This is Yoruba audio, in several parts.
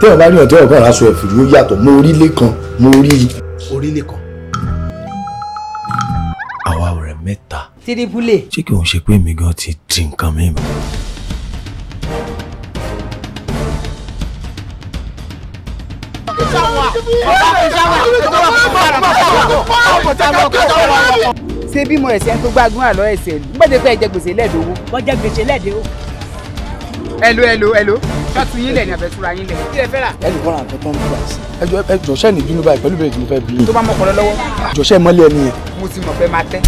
tẹ́wọ̀n bá rí ọ̀tẹ́ ọ̀kan aṣọ ẹ̀fù ló yàtọ̀ mọ orílẹ̀ kan mọ orí. orílẹ̀ kan. àwa ọ̀rẹ́ mẹ́ta. tiribule. ṣé kí òun ṣe pé èmi gan ti di nǹkan mi. ṣé bímọ ẹ̀sẹ̀ tó gbágún àlọ́ ẹ̀sẹ̀ lù gbọ́dọ̀ pé ẹ jẹ gbèsè lẹ́ẹ̀dọ́wọ́. wọ́n gbèsè lẹ́ẹ̀dọ́wọ́ hello hello hello ṣọ́ọ̀tù yín lẹ̀ ní àbẹ̀túra yín lẹ̀. kí lẹ fẹ́ rà. ẹ lè kọ́ra nǹkan tó ń bọ̀ àṣẹ. ẹ jọ ẹ jọ ṣẹ́ni bínú báyìí pẹ̀lú bẹ̀rẹ̀ tí mo fẹ́ bí. tó bá mọ̀kọ́ lọ lọ́wọ́. jọ̀ṣẹ́ mọ́lẹ̀ ẹni yẹn. mo ti mọ̀ fẹ́ máa tẹ́.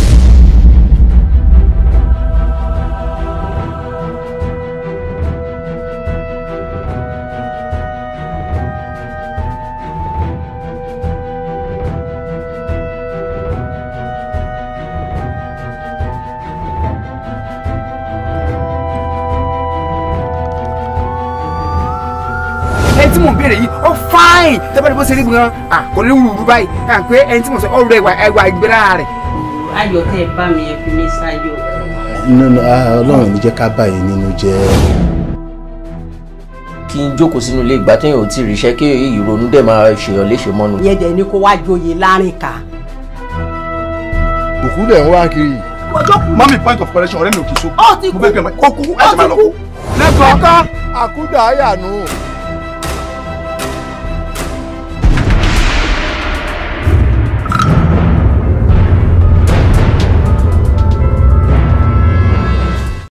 tí mò ń béèrè yìí ó fáìn tẹ́bàdì bó ṣe rí gan à kò ní wúru báyìí à pé ẹni tí mò ń sọ ọ̀rọ̀ ẹwà ẹwà ìgbéra rẹ̀. ayọ̀ tẹ́ ẹ bá mi ẹ fi mí ṣáájú. Ah, ọlọ́run ní jẹ́ ká báyìí nínú jẹ́. kí n jókòó sínú ilé ìgbà téèyàn ò tí ì ríṣẹ́ kí ìrònú dẹ̀ máa ṣèyàn léṣe mọ́nu. ìyẹn dẹ̀ ni kó wá joyè láàrin ká. òkú dẹ̀ ń wá kiri. mami point of correction ọ̀rẹ́ mi ò kì í so. ó ti kú ó ti kú lẹ́kọ̀ọ́ àkúdà àyà nù.